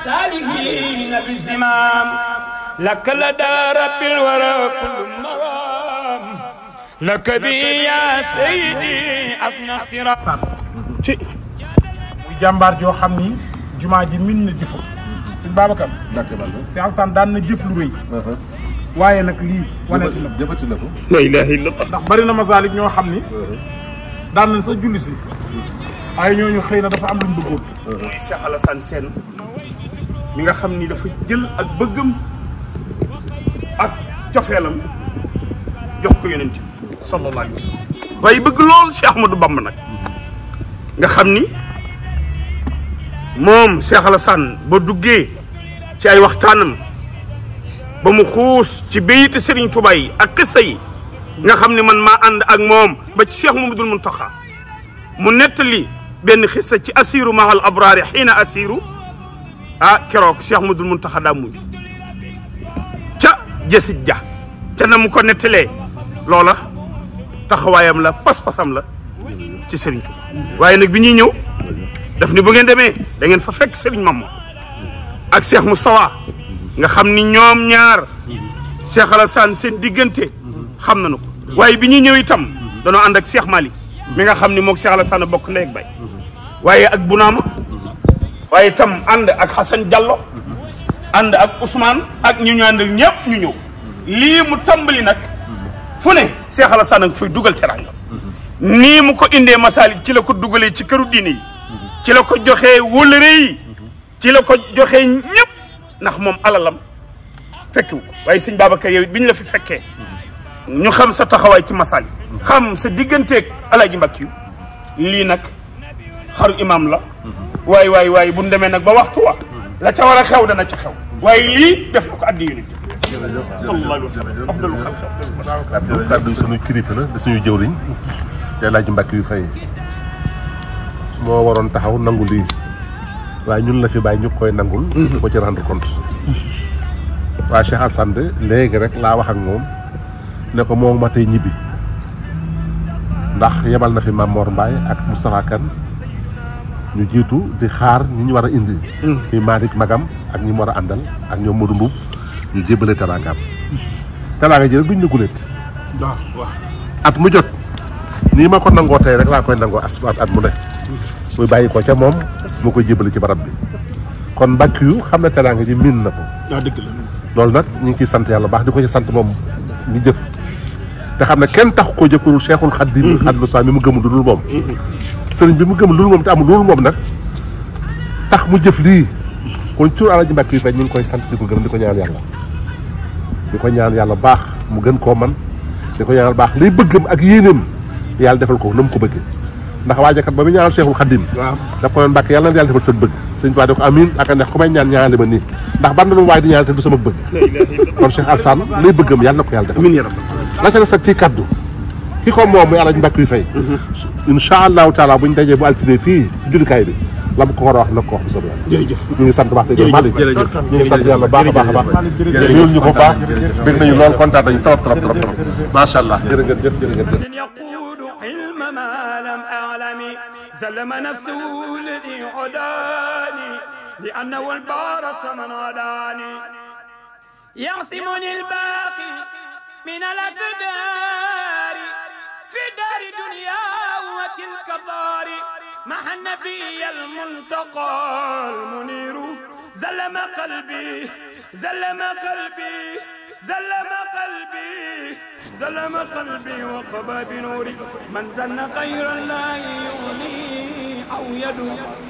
الصالحين بالزمام لك لدى رب الورى كل مرام لك بي يا سيدي ci muy jàmbaar joo xam ni jumaa ji min na jëfa sëñ Babacar si Alsaan daan na jëf lu rëy uh-huh. waaye nag lii waneti na jëfati na ko la ilaha illallah ndax bari na masaalik ñoo xam ni uh-huh. daan nañ sax si uh-huh. waaye ñooñu xëy na dafa am lu mu mi nga xam ni dafa jël ak bëggam ak cofeelam jox ko yonent bi sallallahu bëgg lool Cheikh Ahmadou Bamba nag nga xam ni moom Cheikh Alassane ba duggee ci ay waxtaanam ba mu xuus ci béyite Serigne Touba yi ak xissa yi nga xam ni man ma ànd ak moom ba ci mu Mamadou Mountakha mu nettali benn xissa ci assiru mahal abraari xiina assiru ah keroog Cheikh Madul Muntaxa daa muñ ca jësit ja ca na mu ko nettalee loola taxawaayam la pas-pasam la ci Serigne Touba waaye nag bi ñuy ñëw daf ni bu ngeen demee da ngeen fa fekk Serigne Mamou ak mu Moustapha nga xam ni ñoom ñaar Cheikh Alassane seen diggante xam nañu ko waaye bi ñuy ñëw itam danoo ànd ak Cheikh Malick mi nga xam ni moog Cheikh Alassane bokk ndey bay waaye ak Bunaama waaye tam ànd ak Xasan Diallo ànd ak Ousmane ak ñu ñu ànd ñu ñëw lii mu tàmbali nag fu ne Cheikh Alassane ak dugal teraanga nii mu ko indee masaali ci la ko dugalee ci këru diine yi ci la ko joxee wólëre yi ci la ko joxee ñëpp ndax moom alalam fekkiwu waaye sëñ Babacar yow it bi ñu la fi fekkee ñu xam sa taxawaay ci masaali xam sa digganteeg alaaji Mbàkke yu lii nag xaru imaam la waay waay waay bu ñu demee nag ba waxtu wa la ca war a xew dana ca xew waaye lii def na ko addi unité sallallahu alayhi wa sallam suñu kilifa la da suñu jëwriñ day moo waroon taxaw nangu lii waaye ñun la fi bàyyi ñu koy nangul mhm. di ko ci rendre compte waa Cheikh léegi rek laa waxak moom ne ko moom ma tey ñibbi ndax yemal na fi Mame Mor Mbaye ak Moustapha ñu jiitu di xaar ñi ñu war a indi. ñi mm. Malick Magam ak ñi mu war a àndal ak ñoom Modou Mboub ñu jébale teraangaam. teraanga ji rek duñ ñu guléet. Ah, at mu jot nii ma ko nangoo tey rek laa koy nangoo as at mu ne. muy bàyyi ko ca moom moo koy jébale ci barab bi. kon mbàkk yu xam na teraanga ji miin na ko. waaw ah, dëgg loolu nag ñu ngi ciy sant yàlla baax di ko ci sant moom ñu jëf. te xam ne kenn taxu koo jëkkurul Cheikhul Khadim Khadimu mm-hmm. Sall mi mu gëm lu dul moom mm-hmm. sëriñ bi mu gëm lu dul moom te amul lu dul moom nag tax mu jëf lii kon tur Alaaji Mbàkke yi fay ñu ngi koy sant di ko gërëm ko ñaan yàlla di ko ñaan yàlla baax mu gën koo man di ko ñaanal baax lay bëggam ak yéeneem yàlla defal ko na mu ko bëggee ndax waajakat ba mu ñaanal Cheikhul Khadim daf ko naan Mbàkke yàlla yàlla defal sa bëgg sëñ Tuubaa di ko amiin ak a neex ku may ñaan ñaanale ma nii ndax ban na mu waaye di ñaanal te du sama bëgg kon Cheikh Alassane lay bëggam yàlla na ko yàlla defal la ca des ak ci kaddu ki ko moom muy bu mbàkk yu fay mhm. incha allahu taala bu altine fii ci jullikaay bi la mu ko war a wax nag wax bu soobee yàlla jërëjëf ñu ngi sant baax te Malick ñu ngi sant yàlla baax a baax a baax ñuul ñu ko baax bëgg nañu lool kontaan nañu trop trop trop trop macha allah jërëjëf jërëjëf سلم نفسه الذي هداني لأنه البارس من هداني يعصمني البارس من الأقدار في دار دنيا وتلك الدار مع النبي الملتقى المنير زلم قلبي زلم قلبي زلم قلبي زلم قلبي وقبى بنور من زن غير الله يغني أو يده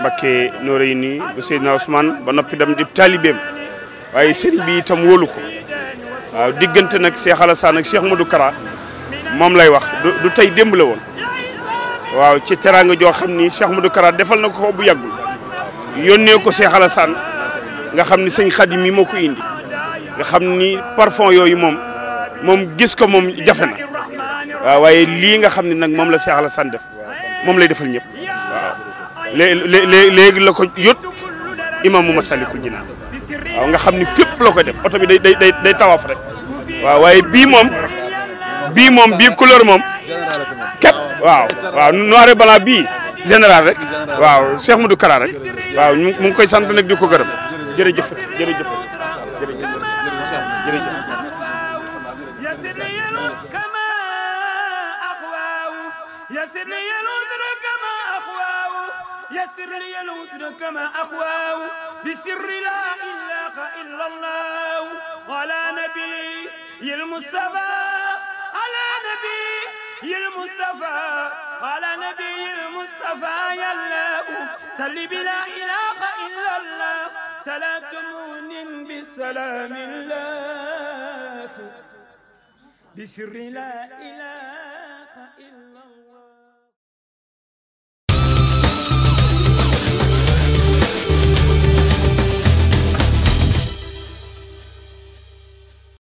Mbakke Noreyni ba Seydina Ousmane ba noppi dem di taalibeem waaye sëriñ bi itam wóolu ko waaw diggante nag Cheikh Alassane ak Cheikh Modou karaa moom lay wax du tey démb woon waaw ci teraanga joo xam ni Cheikh Modou Kara defal na ko bu yàggul yónnee ko Cheikh Alassane nga xam ni sëñ Xadim mi moo ko indi nga xam ni parfon yooyu moom moom gis ko moom jafe na waaw waaye lii nga xam ni nag moom la Cheikh Alassane def moom lay defal ñëpp léegi léegi la ko yót imaamu Massalikul Jinaan waaw nga xam ni fépp la ko def oto bi day day day tawaaf rek waaw waaye bii moom bii moom bii couleur moom képp waaw waaw noir et blanc bii général rek waaw Cheikh Modou Kara rek waaw ñu mu ngi koy sant nag di ko gërëm jërëjëfati jërëjëfati jërëjëf jërëjëf يا سيدي يا نور كما أخوان يسر ليلوتنا كما أخواه بسر لا إله إلا الله على نبي المصطفى على نبي المصطفى على نبي المصطفى يا الله سل بلا إله إلا الله صلاة مؤمن بسلام الله بسر لا إله إلا